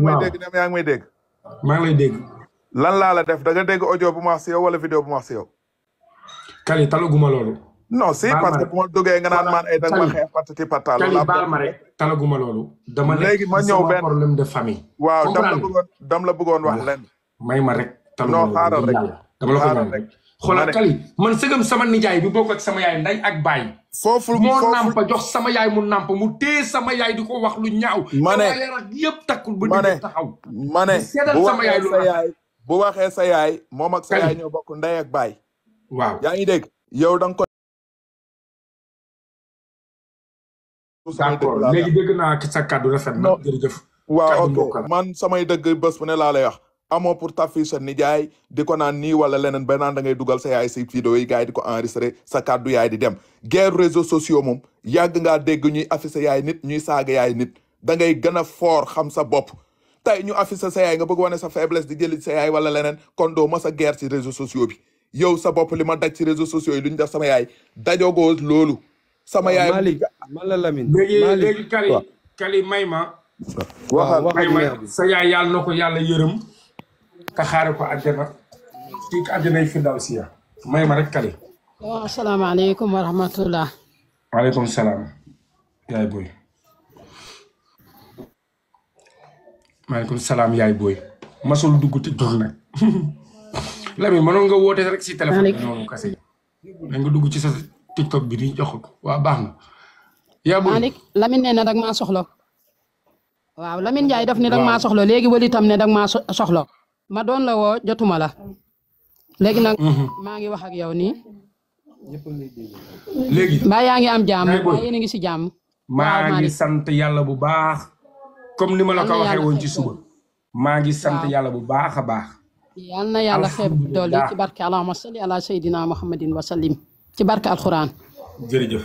ngi may dégg ñoom yaa ngi may dégg. maa ngi dégg. lan laa la def da nga dégg audio bu ma wax si yow wala vidéo bu ma wax si yow. Kali talaguma si parce que bu ma duggee nga naan maan ay dag ma xeex patati pataal. Kali ma rek talaguma loolu. dama léegi ma ñëw benn problème de famille. waaw dam dam la bëggoon wax len may ma rek. talaguma loolu non xaaral rek. dama rek. xoolal rek man sëgam sama nijaay bi bokk ak sama yaay nday ak baay. foofu moo nàmpa jox sama yaay mu nàmpa mu téye sama yaay di ko wax lu ñaaw. ma yépp yëpp takkul ba ñu taxaw. ma ne bu waxee sa yaay bu waxee sa yaay moom ak sa yaay ñoo bokk nday ak baay. waaw yaa ngi dégg yow dan nga ko. d'accord léegi dégg naa kàddu rafet na jërëjëf. waaw ok man samay dëgg bés bu ne laa lay wax. amoo pour tafi sa nijaay di ko naan nii wala leneen ba naan da dugal sa yaay si vidéo yi gars yi di ko enregistré sa kàddu yaay di dem guerre réseaux sociaux moom yàgg nga dégg ñuy affiché yaay nit ñuy saaga yaay nit da ngay gën a fort xam sa bopp tey ñu affiché sa yaay nga bëgg wane sa faiblesse di jëli sa yaay wala leneen kon doo ma sa guerre ci réseaux sociaux bi yow sa bopp li ma daj ci réseaux sociaux yi lu ñu def sama yaay dajogoo loolu sama yaay ma waxal may ma sa yaay te xaare ko àjjana ci àjjanay firdawsiya may ma rek kali. waaw asalaamaaleykum wa rahmatulah. waaleykum salaam. yaay booy. maaleykum salaam yaay booy. masul dugg ci tur nag. nga woote rek si téléphone bi noonu kase yi. nañ dugg ci sa tiktok bi di jox ko waaw baax na. yaa booy na dag maa soxla. waaw Lamine Ndiaye daf ne dag maa soxla léegi wali ne dag maa ma don la wo jotuma la legi nak mhm. ma ngi wax ak yow ni legi ma yaa ngi am jam, ma yene ngi ci jàmm. ma ngi sante yalla bu baax. comme nima la ko waxe won ci suba. ma ngi sante yalla bu baax baax. yalla na yàlla ci barke allahumma salli ala sayidina muhammadin wa sallim ci barke alquran. jeri yal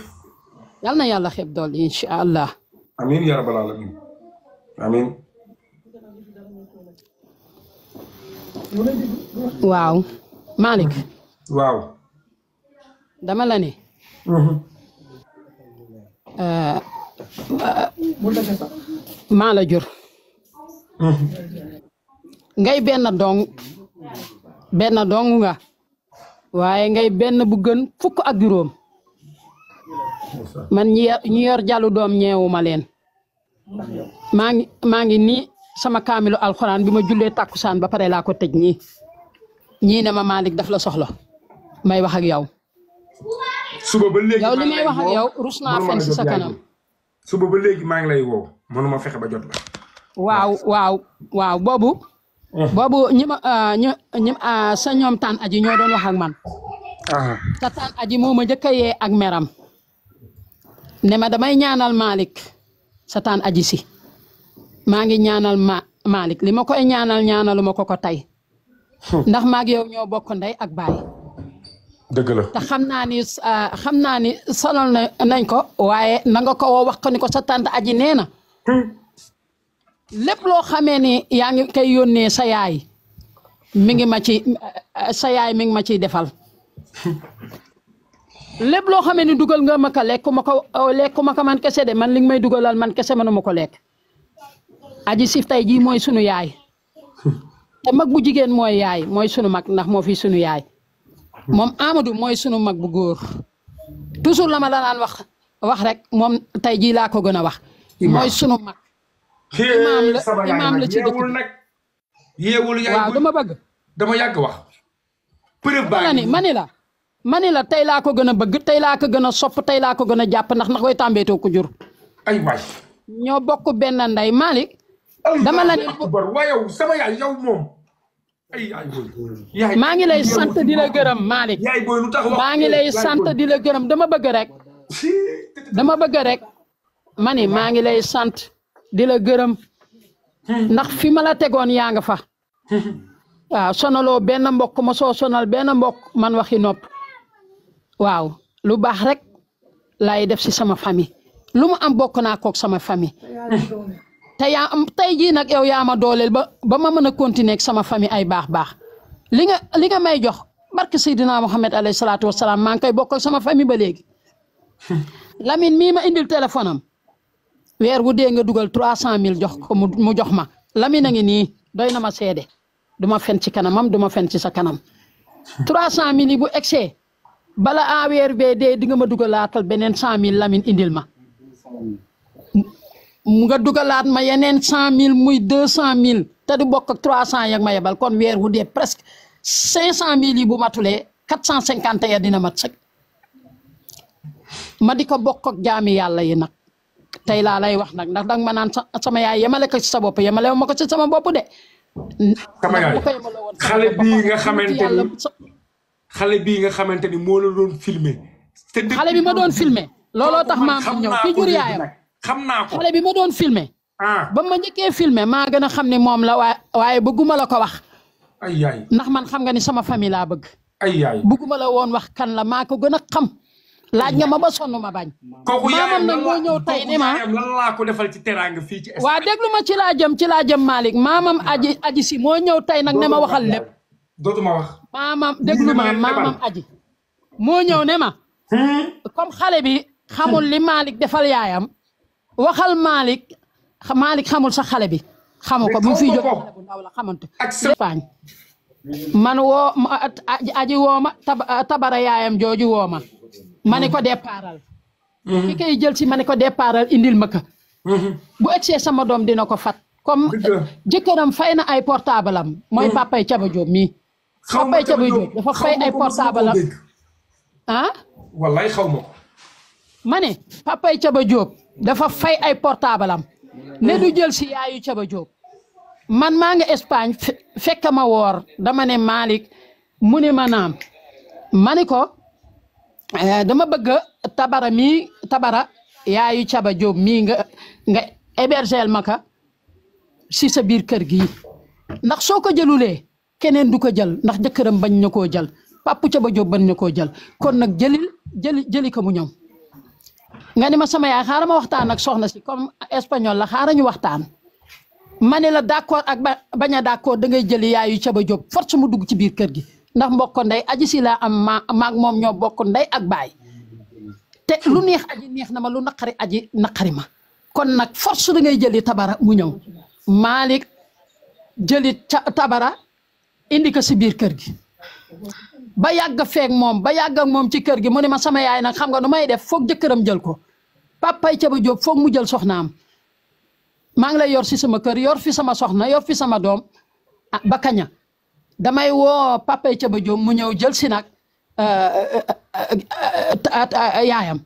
yalla yalla xeb doli inshallah allah. ya rabbal alamin amin. Wow, Malik. Wow, dama la ne mhm. eh, maa la jur mhm. ngay ben dong Ben dong nga Waye ngay ben bu gën fukk ak juroom. man ñi yor jàllu Mangi ñeewu ma ngi sama kaamilo alxuraan bi ma jullee tàkkusaan ba pare laa ko tëj ñii ñii ne daf la soxla may wax ak yow. suba ba léegi may wax ak yow fen si sa kanam. suba ba léegi maa ngi lay woo mënuma fexe ba jot la. waaw boobu. Eh. boobu ah, ah, sa ñoom aji ñoo doon wax ak man. Ah. te aji moo ma njëkk a yee ak meram. ne damay ñaanal Malick sa taan aji si. maa ngi ñaanal ma Malick li ma koy ñaanal ñaanalu ma ko ko tey. Hmm. ndax maag yow ñoo bokk ndey ak baay. dëgg la xam naa ni ah, xam naa ni sonal nañ ko waaye na nga ko wax ko ni ko sa tante aji nee na. Hmm. lépp loo xamee ni yaa ngi koy yónnee sa yaay mi ngi ma ci ah, sa yaay mi ngi ma ciy defal. Hmm. lépp loo xamee ni dugal nga ma ko lekk ma ko lekk ma man kese de man li nga may dugalal man kese mënu ma ko lekk. aji sif tey jii mooy sunu yaay te jigéen mooy yaay mooy sunu mag ndax moo fi sunu yaay moom Amadou mooy sunu mag bu góor toujours lama ma la daan wax wax rek moom tey jii laa ko gën a wax. mooy sunu mag. imaam la imaam la ci dëkk bëgg. dama yàgg wax. ma ni la ma ni la tey laa ko gën a bëgg tey laa ko gën a sopp tey laa ko gën a jàpp ndax ndax koy tàmbeetoo ko jur. ay waay. ñoo bokk benn ndey Malick dama la maa ngi lay sant di la gërëm Malick ngi lay sant di la dama bëgg rek dama bëgg rek ma ngi lay sant di la ndax fi ma la tegoon nga fa hmm. waaw sonaloo benn mbokk ma soo sonal benn mbokk man waxi lu rek def sama famille lu am bokk naa sama famille te yaa am tey jii nag yow yaa ma dooleel ba ba ma mën a continuer ak sama famille ay baax baax li nga li nga may jox barke Seydina Mohamed alayhi salaatu wa salaam maa ngi koy bokk sama famille ba léegi. Lamine mii ma indil téléphone am weer wu dee nga dugal trois cent mille jox ko mu jox ma Lamine a ngi nii doy na ma seede du ma fen ci kanamam du ma fen ci sa kanam trois cent mille yi bu egsee bala a weer bee dee di nga ma dugal dugalaatal beneen cent mille Lamine indil ma. mu nga dugalaat ma yeneen cent mille muy deux cent mille te du bokk ak trois cent yag ma yebal kon weer wu dee presque cinq cent mille yi bu matulee quatre cent cinquante ya dina mat sëg ma di ko bokk ak jaami yàlla yi nag tey laa lay wax nag ndax danga ma naan sama yaay yemale ko ci sa bopp yemale ma ko ci sama bopp de. sama yaay xale bii nga xamante ni xale bii nga xamante ni moo la doon filmé. te xale bi ma doon filme looloo tax maam ñëw ki yaayam. xam naa ko xale bi ma doon filmer ah ba ma njëkkee filmer maa gën a xam ne moom la waaye waaye bëgguma la ko wax. ay ay ndax man xam nga ni sama famille laa bëgg. ay bëgguma la woon wax kan la maa ko gën a xam. laaj nga ma ba sonn ma bañ. kooku yaayam lan laa ko defal ci teraanga fii ci. waa déglu ma ci laa jëm ci laa jëm Malick maamam aji aji si moo ñëw tey nag ne ma waxal lépp. dootuma wax. maamam déglu ma maamam aji. moo ñëw ne ma. Hmm? comme xale bi xamul li Malick defal yaayam. waxal Malick Malick xamul sax xale bi. xamu ko bu mu fiy jóg xale bu ndaw la xamante man woo aji wooma tabara yaayam jooju wooma ma ne ko départal mhm. ki koy jël si ma ne ko départal indil ma ko mhm. bu egsee sama doom dina ko fat comme jëkkëram fay na ay portable mooy mhm. papay caba jóob mii papay caba fay ay portable am ah wallaay ne papay caba jóob dafa fay ay portabalam am ne du jël si yaayu Caba Jóob man maa nga Espagne fekk ma woor dama ne Malick mu ne ma naam ma ni ko eh, dama bëgg tabara mii tabara yaayu Caba Jóob mii nga nga hébergeel ma si sa biir kër gi ndax soo ko jëlulee keneen du ko jël ndax jëkkëram bañ na koo jël papu Caba Jóob bañ na koo jël kon nag jëlil jëli jëli ko mu ñëw nga ni ma sama ya xara ma waxtaan ak soxna ci comme espagnol la xara ñu waxtaan ma la d'accord ak baña d'accord da ngay jëli yaayu ci ba job force mu dugg ci biir kër gi ndax mbokk nday aji si la am ma ak mom ño bokk nday ak bay te lu neex aji neex na ma lu nakari aji nakari ma kon nak force da ngay jël tabara mu ñew malik jëli tabara indi ko ci biir kër gi ba yàgg feeg mom ba yàgg ak mom ci kër gi mo ni ma sama yaay nak xam nga numay def jëkëram jël ko papay Caba Diop foog mu jël soxnaam maa ngi lay yor si sama kër yor fi sama soxna yor fi sama doom ah ba kaña damay woo papay Caba Diop mu ñëw jël si nag euh, euh, euh, yaayam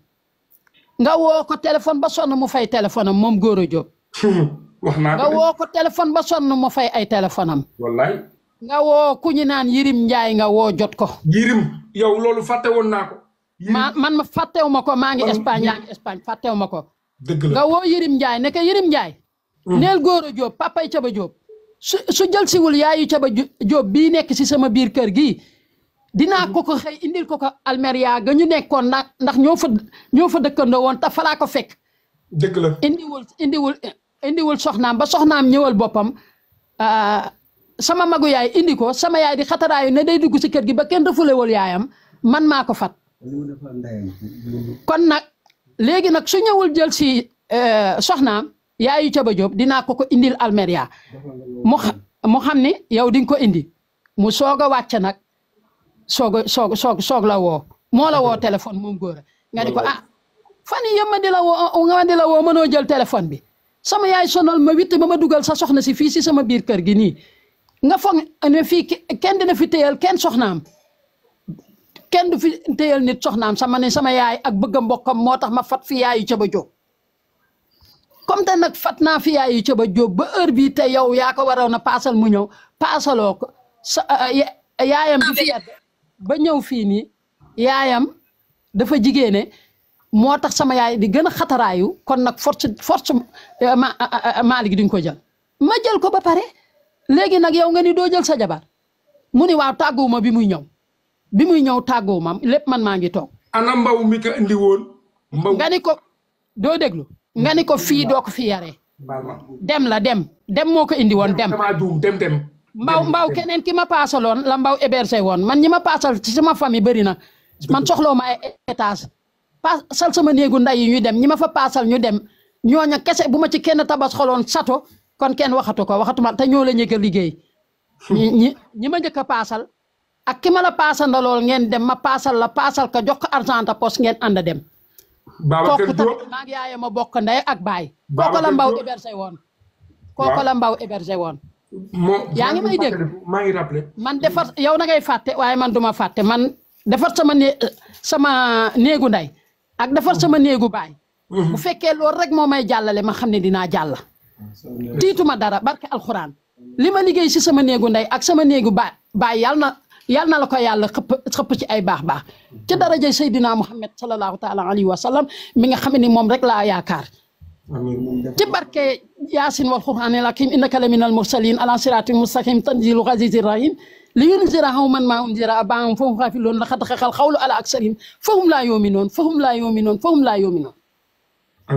nga woo ko téléphone ba sonn mu fay téléphone am moom Gora Diop. wax naa nga woo ko téléphone ba sonn mu fay ay téléphone am. wallaay. nga woo ku ñu naan Yirim Njaay nga woo jot ko. Yirim yow loolu fàtte woon naa ko. man ma fàttewu ma ko maa ngi Espagne yaa ngi ma ko. dëgg woo Yirim Ndiaye ne ko Yirim Ndiaye. Mm. neel góor a Diop papay Caba Diop. su su jël siwul yaayu Caba Diop bii nekk si sama biir kër gi dinaa mm-hmm. ko ko xëy indil ko ko Almeria ga ñu nekkoon ndax ndax ñoo fa fa dëkkandoo woon te falaa ko fekk. dëgg la indiwul indiwul soxnaam ba soxnaam ñëwal boppam. Ah, sama magu yaay indi ko sama yaay di xataraayu ne day dugg si kër gi ba kenn refoulé wul yaayam man maa ko fat kon nak legi nak su ñewul jël si eh, soxna yaayu Thiaba job dina ko ko indil Almeria mu mu xamni yow di ko indi mu soga a nak soga soga soga soog la wo mo la wo telephone mom goor nga ko ah fani yema di la wo oh, nga wandi la wo jël telephone bi sama yaay sonal ma witt ba ma dugal sa soxna si fi ci sama bir kër gi ni nga fogg ne fi kenn dina fi kenn soxnam kenn du fi teyel nit soxnam sama ne sama yaay ak bëgg mbokkam motax ma fat fi yaay ca ba jóob comme tan nak fatna fi yaay ca ba jóob ba heure bi te yow ah, ya ko warona passal mu ñew passalo ko yaayam bi fi ba ñew fi ni yaayam dafa jigeene motax sama yaay di gëna xataraayu kon nak force force eh, ah, ah, malik duñ ko jël ma jël ko ba pare légui nak yow nga ni do jël sa jabar muni wa bi muy ñew bi muy ñëw tàggoo mam lépp man maa ngi toog. ana mbaw mi ko indi woon. mbaw nga ni ko doo déglu. nga ni ko fii doo ko fi yaree. dem la dem. dem moo ko indi woon dem. dem dem. mbaw mbaw keneen ki ma paasaloon la mbaw hébergé woon man ñi ma paasal ci sama famille bëri na man soxloo ma étage paasal sama néegu nday yi ñu dem ñi ma fa paasal ñu dem ñooña kese bu ma ci kenn tabas xoloon sato kon kenn waxatu ko waxatuma te ñoo la ñëkk liggéey. ñi ñi ma njëkk paasal ak ki ma la paasandalool ngeen dem ma passal la passal ka jox argent ta pos ngeen ànd dem. baba Diop kooku maa ngi ma bok nday ak bay koko la Mbaw hébergé won koko la Mbaw hébergé won yaa ngi may deg ma ngi rappeler man defar yow na ngay fàtte waaye man duma faté man defar sama ne sama negu nday ak defar sama negu bay mhm. bu fekke lol rek momay jallale ma xam dina dinaa tituma dara barke alcorane lima ma ci sama negu nday ak sama negu bay yalna yal na la ko yàlla xëpp xëpp ci ay baax baax ci daraja Seydina Muhammad sallallahu taala alayhi wa sallam mi nga xam ne moom rek laa yaakaar ci barke yaasin wal qur'aan al hakiim innaka la min al mursalin ala siraatin mustaqim tanzilu azizir rahim li yunzira qawman ma unzira abaahum fahum ghaafiluun laqad haqqal qawlu ala aksarihim fahum laa yu'minuun fahum laa yu'minuun fahum laa yu'minuun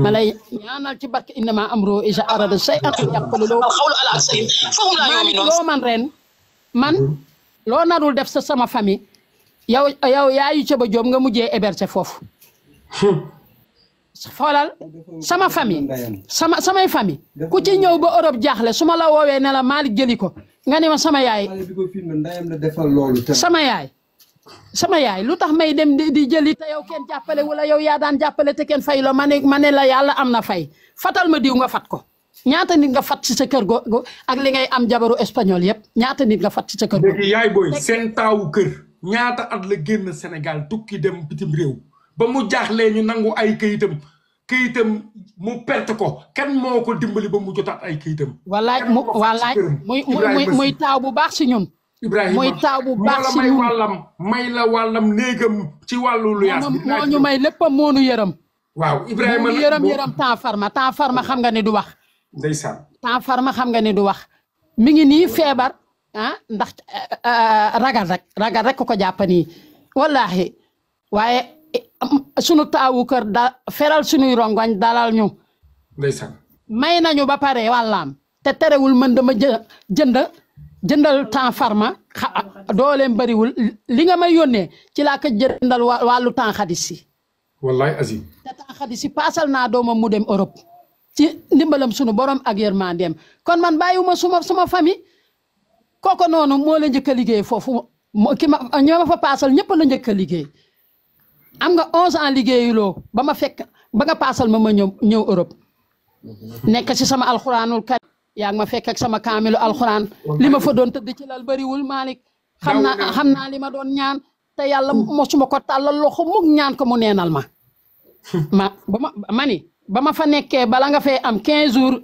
ma lay ñaanal ci barke innama amru iza arada shay'an an yaqula lahu qawlu ala aksarihim fahum laa yu'minuun man ren man lo narul def sa sama fami yow yow yaayu ci ba jom nga mujjé héberger foofu hmm. xoolal sama fami sama sama fami ku ci ñew ba Europe jaxlé suma la wowe ne la malik jëli nga ni ma sama yaay sama yaay sama yaay lutax may dem di di jëli te yow kenn jappalé wala yow ya daan jappalé te kenn fay lo mané mané la yalla amna fay fatal ma diw nga fat ko ñaata nit nga fat si sa kër go ak li ngay am jabaru espagnol yëpp ñaata nit nga fat ci sa kër. léegi yaay booy seen taawu kër ñaata at la génn Sénégal tukki dem bitim réew ba mu jaaxlee ñu nangu ay këyitam këyitam mu perte ko kenn moo ko dimbali ba mu jotaat ay këyitam. wallaay mu wallaay muy muy muy taaw bu baax si ñun. Ibrahima mooy taaw bu baax si ñun wàllam may la wàllam néegam ci wàllu lu yaas moo ñu may léppam moo nu yërëm. waaw Ibrahima moonu yërëm yërëm temps farma temps farma xam nga ni du wax. ndeysaan temps farma xam nga ni du wax mi ngi nii feebar ah ndax eh, eh, ragal rek ku ko jàpp nii wallaahi waaye eh, sunu taawu kër da feral sunuy rongoñ dalal ñu. may nañu ba pare wàllaam te terewul mën dama jë jëndal temps farma dooleem bëriwul li nga may yónnee ci laa ko jëndal wàllu temps xadis si. wallaay azim. temps xadis si paasal doomam mu dem Europe. ci ndimbalam sunu borom ak yërmandeem kon man bàyyiwuma suma suma famille kooku noonu moo la njëkk a liggéey foofu ki ma ñoo ma fa pasal ñëpp la njëkk a liggéey am nga 11 ans liggéeyuloo ba ma fekk ba nga paasal ma ma ñëw ñëw Europe nekk ci sama alxuraanul karim yaa ma fekk sama kaamilu alxuraan li ma fa doon tëdd ci lal bëriwul Malick xam naa xam li ma doon ñaan te yàlla hmm. mosuma ko tàllal loxo mug ñaan ko mu neenal ma ma mani ba ma fa nekkee bala nga fee am 15 jours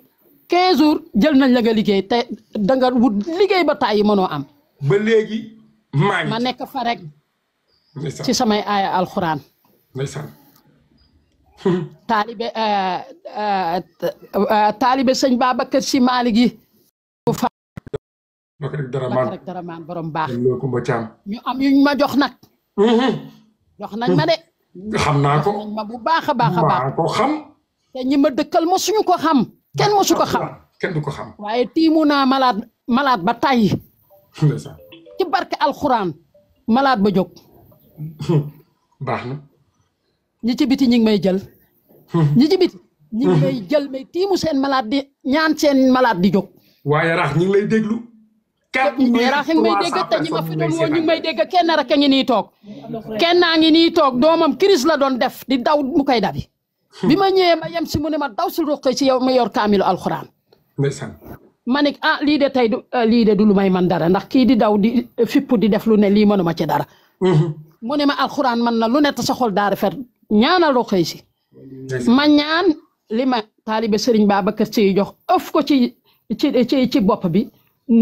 15 jours jël nañ la nga liggéey te danga nga wut liggéey ba tàyyi mënoo am. ba léegi maa ma nekk fa rek. ci samay aaya alxuraan. ndeysaan. taalibe euh, euh, euh, taalibe sëñ Babacar Si Maalik yi. Bakarek Daraman borom baax. ñu am yuñ ma jox nag. Mm-hmm. nañ ma de. xam naa ko ma bu baax a baax a baax. ko xam. te ñi ma dëkkal mosuñu ko xam kenn mosu ko xam kenn du ko xam waaye tiimu naa malaat malaat ba tàyyi ci barke alxuraan malaat ba jóg baax na ñi ci biti ñi ngi may jël ñi ci biti ñi ngi may jël may tiimu seen malaat di ñaan seen malaat di jóg waaye rax ñi ngi lay déglu kat mais rax may dégg te ñi ma fi woo ñu ngi may dégg kenn rek a ngi nii toog kenn naa ngi nii toog doomam crise la doon def di daw mu koy dabi bi ma ñëwee ma yem si mu ne ma daw si ruqe ci yow ma yor kaamilu alxuraan. ndeysaan. ma ne ah, lii de tey du ah, lii de du lu may man dara ndax kii di daw di eh, fipp di def lu ne lii mënuma ci dara. Mm-hmm. mu ma alxuraan man na lu ne te sa xol daa rafet ñaanal ruqe ma ñaan li ma taalibe Serigne Babacar Sy jox ëf ko ci ci ci bopp bi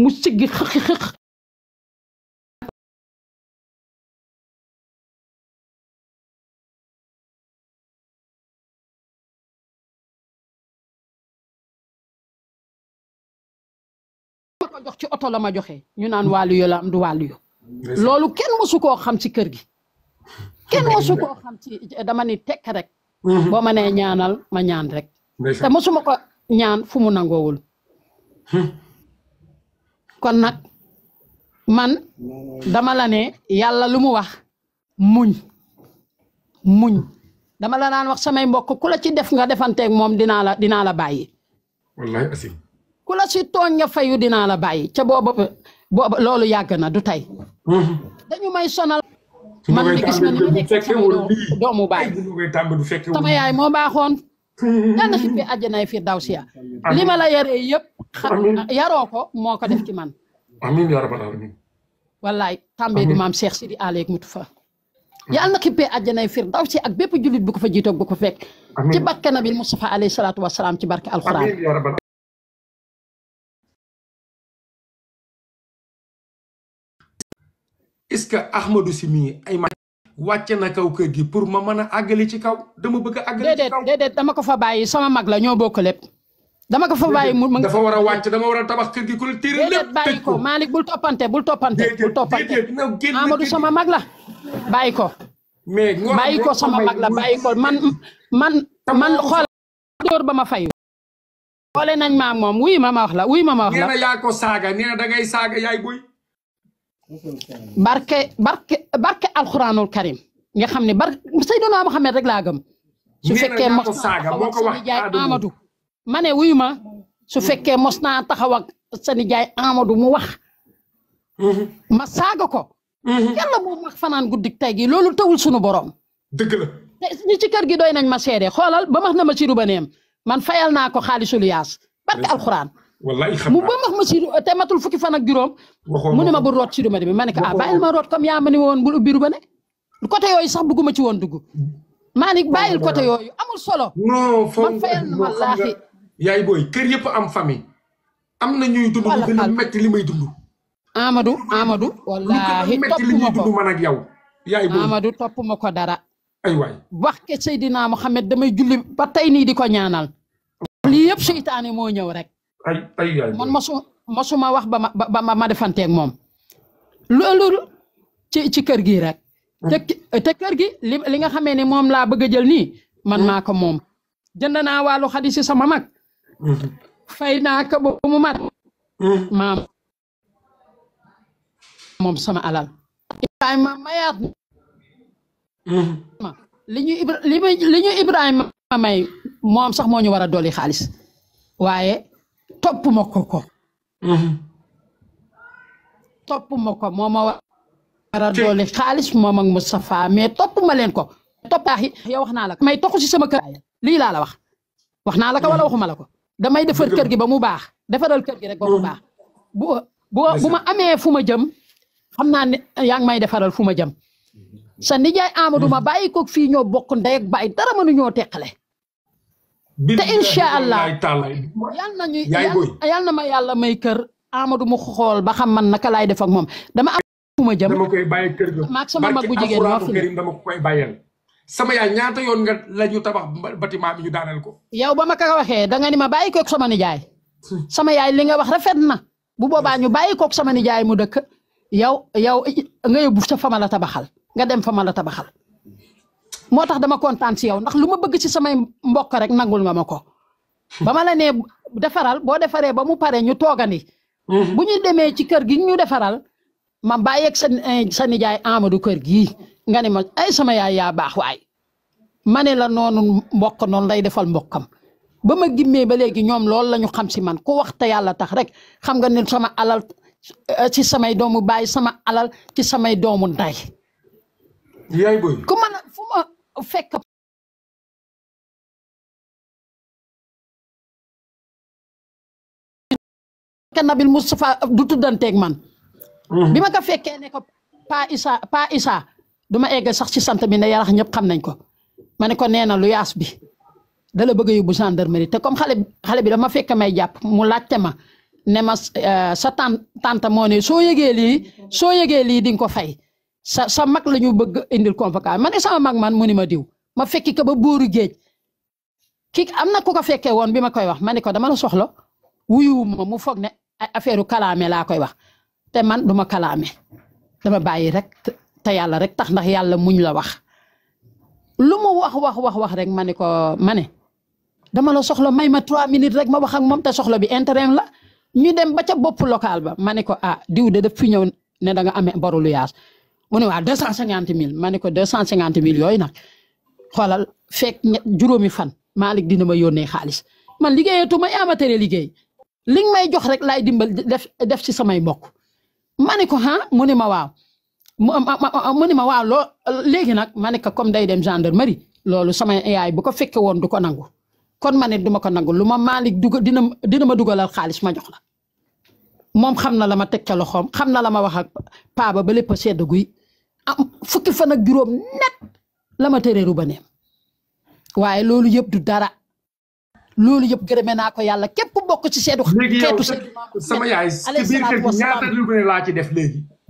mu siggi xëq xëq. ma jox ci auto la ma joxe ñu naan walu yo la am du walu yo lolu kenn musu ko xam ci kër gi kenn musu ko xam ci dama ni tek rek mhm. bo ma ñaanal ma ñaan rek te musu ko ñaan fu mu nangowul hmm. kon nak man dama la ne yalla lu mu wax muñ muñ dama la naan wax samay mbokk kula ci def nga ak mom dina la dina la bayyi wallahi asim la ci togn nga fayu dina la baye ca bobu bobu lolu yàgg na du tay mm-hmm. dañu may sonal man ni gis nga ni ma nekk sama doomu baye sama yaay mo baxone mm-hmm. yàlla fi bi aljana fi dawsiya lima la yare yeb yaroo ko moo def ci man amin ya rabbal alamin wallahi tambe di mam Cheikh Sidi Aleeg mutu fa yàlla na xippee àjjanay fir daw ak bepp julit bu ko fa jito bu ko fek ci barke nabi Mustafa alayhi salatu wassalam ci barke alquran est-ce que Ahmadou Sy mii ay ma wàcce na kaw kër gi pour ma mën a àggali ci kaw dama bëgg a àggali ci kaw déedéet dama ko fa bàyyi sama mag la ñoo bokk lépp dama ko fa bàyyi mu dafa war a wàcc dama war a tabax kër gi ku la téere lépp bàyyi bul toppante bul toppante bul toppante Amadou sama mag la bàyyi ko mais bàyyi ko sama mag la bàyyi man man man xool ba ma fayu xoole maa moom wuy ma ma la wuy ma ma wax la nee barke barke barke alxuraanul karim nga xam ne bar Seydina Mohamed rek laa gëm. su fekkee mos naa taxaw ak sani jaay Amadou. ma ne wuyu ma su fekkee mos naa taxaw ak sani jaay Amadou mu wax. ma saaga ko. yàlla moom wax fanaan guddik tey gi tawul sunu borom. dëgg la. ñi ci kër gi doy nañ ma seede xoolal ba max na ma ci rubaneem man fayal naa ko xaalisu barke alxuraan. wallaay xam mu ba max ma si te matul fukki fan ak juróom. mu ne ma bu root si ma demee ma ne ko ah bàyyil ma root comme yaa ma woon bul ubbi ruba ne. côté yooyu sax bëgguma ci woon dugg. maa ni bàyyil yooyu solo. non kër yëpp am famille. am na ñuy dund lu gën a li may dund. Amadou Amadou. wallaahi topp ma ko ko dara. ay waay wax ke Seydina Mohamed damay julli ba tey nii di ko ñaanal. lii yëpp seytaane moo ñëw rek. ay ay yaay man mosuma mosuma wax ba ma ba ma ma defanteeg mom loolu ci ci kër gi rek. Hmm. te kër gi li nga xamee ni moom laa bëgg jël nii man hmm. maa ko moom jënd sama mak hmm. fay ka ko ba mu mat. maam sama alal. Ibrahima mayaat ma. li ñu Ibra li may sax waaye top mm-hmm. ma ya ko top topp ma ko moo ma war a doole xaalis ak Moustapha mais ma ko toppaaxi yow la may tokku ci sama kay. Li la la wax Waxna la ko wala waxuma la ko damay defal kër gi ba mu bax. defaral kër gi rek ba mu bu bu bu ma jëm xamna may defaral fuma ma jëm sa nijaay Amadou ma bayiko fi ñoo bokku ndey ak bay dara ñoo tekkalé te insha allah yal na ñu yalla na ma yalla may kër Amadou mu xol ba xam man naka lay def ak mom dama am fu ma jëm dama koy baye kër ga maag sama mag bu jigéen ma fi dama koy bayel sama yaay ñaata yoon nga lañu tabax bâtiment bi ñu daanal ko yow bama ka waxe da nga ni ma ko ak sama nijaay sama yaay li nga wax rafet na bu boba ñu ko ak sama nijaay mu dekk yow yow nga yobu sa fama la tabaxal nga dem fama la tabaxal moo tax dama kontaan si yow ndax lu ma bëgg si samay mbokk rek nangul nga ma ko. ba ma la nee defaral boo defaree ba mu pare ñu toogandi. Mm-hmm. bu ñu demee ci kër gi ñu defaral ma bàyyeeg sa eh, sa nijaay Amadou kër gii nga ne ma ay sama yaay yaa baax waay ma ne la noonu mbokk noonu lay defal mbokkam. ba ma gimmee ba léegi ñoom loolu la ñu xam si man ku wax te yàlla tax rek xam nga ne sama alal eh, ci samay doomu baay sama alal ci samay doomu nday yaay booy ku fekk Nabil Moustapha du tuddanteeg man mhm. bi ma ko fekkee ne ko pa Issa pa du ma egg sax ci sant bi ne yarax ñëpp xam nañ ko ma ne ko nee na lu yaas bi dala bëgg a yóbbu te comme xale xale bi dama fekk may jàpp mu laajte ma ne ma sa tan mone moo ne soo yëgee lii soo yëgee lii di nga ko fay sa sa mak lañu bëgg indil convocation man sama mak man munima diw ma fekki ko ba bóoru geej ki amna ko ko fekke won bi koy wax maniko dama la soxlo wuyu mu fogné ne kalamé la koy wax té man duma kalamé dama bayyi rek té yalla rek tax ndax yalla muñ la wax luma wax wax wax wax rek maniko mané dama la soxlo may ma minutes rek ma wax ak mom té soxlo bi intérêt la ñu dem ba ca bop local ba maniko ah diw de daf fi ñew né da nga amé borolu mu ne waa deux cent cinquante mille ma ne ko deux cent cinquante mille yooyu nag xoolal fekk juróomi fan Malick dina ma yónnee xaalis man liggéeyatu ma yaa ma liggéey li may jox rek laay dimbal def def ci samay mbokk ma ne ko ah mu ne ma waaw mu ne ma waaw loo léegi nag ma ne ko comme day dem gendarmerie loolu sama yaay bu ko fekkee woon du ko nangu kon ma ne du ma ko nangu lu ma Malick dugal dina dina ma dugalal xaalis ma jox la moom xam na la ma teg ca loxoom xam na la ma wax ak paaba ba lépp a sedd guy am fukki fan ak juróom net la ma tëreeru ba waaye loolu yëpp du dara loolu yëpp gërëme naa ko yàlla képp ku bokk ci seedu xeetu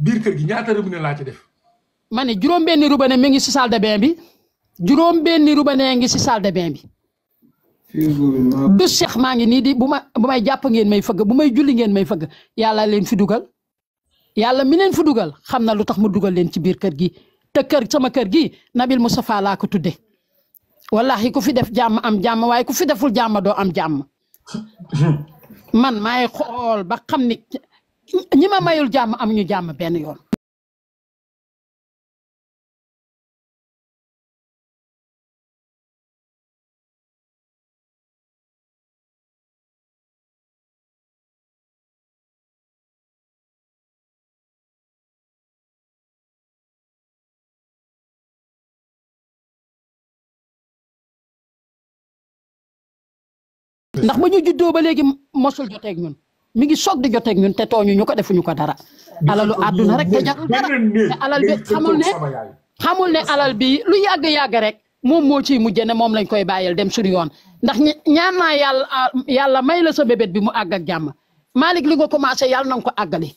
biir kër gi ñaata robinet laa ci def léegi biir kër ne juróom benni robinet mi ngi si salle de bi juróom benni robinet ngi si salle de bi du Cheikh maa ngi nii di bu ma bu may jàpp ngeen may fëgg bu may julli ngeen may fëgg yàlla leen fi dugal yàlla mi leen fu dugal xam na lu tax mu dugal leen ci biir kër gi te kër sama kër gi na mu Moustapha laa ko tudde wallahi ku fi def jàmm am jàmm waaye ku fi deful jàmm doo am jàmm man maay xool ba xam ni ñi ma mayul jàmm am ñu jàmm benn yoon ndax ba ñu juddoo ba léegi mosul joteeg ñun mi ngi soog di joteeg ñun te tooñu ñu ko defuñu ko dara. alalu àdduna rek te jarul dara xamul ne xamul ne alal bi lu yàgg yàgg rek moom moo mu mujj ne moom lañ koy bàyyil dem suñu yoon ndax ñaan naa yàlla yàlla may la sa bébét bi mu àgg ak jàmm Malick li nga commencé yàlla na nga ko àggali.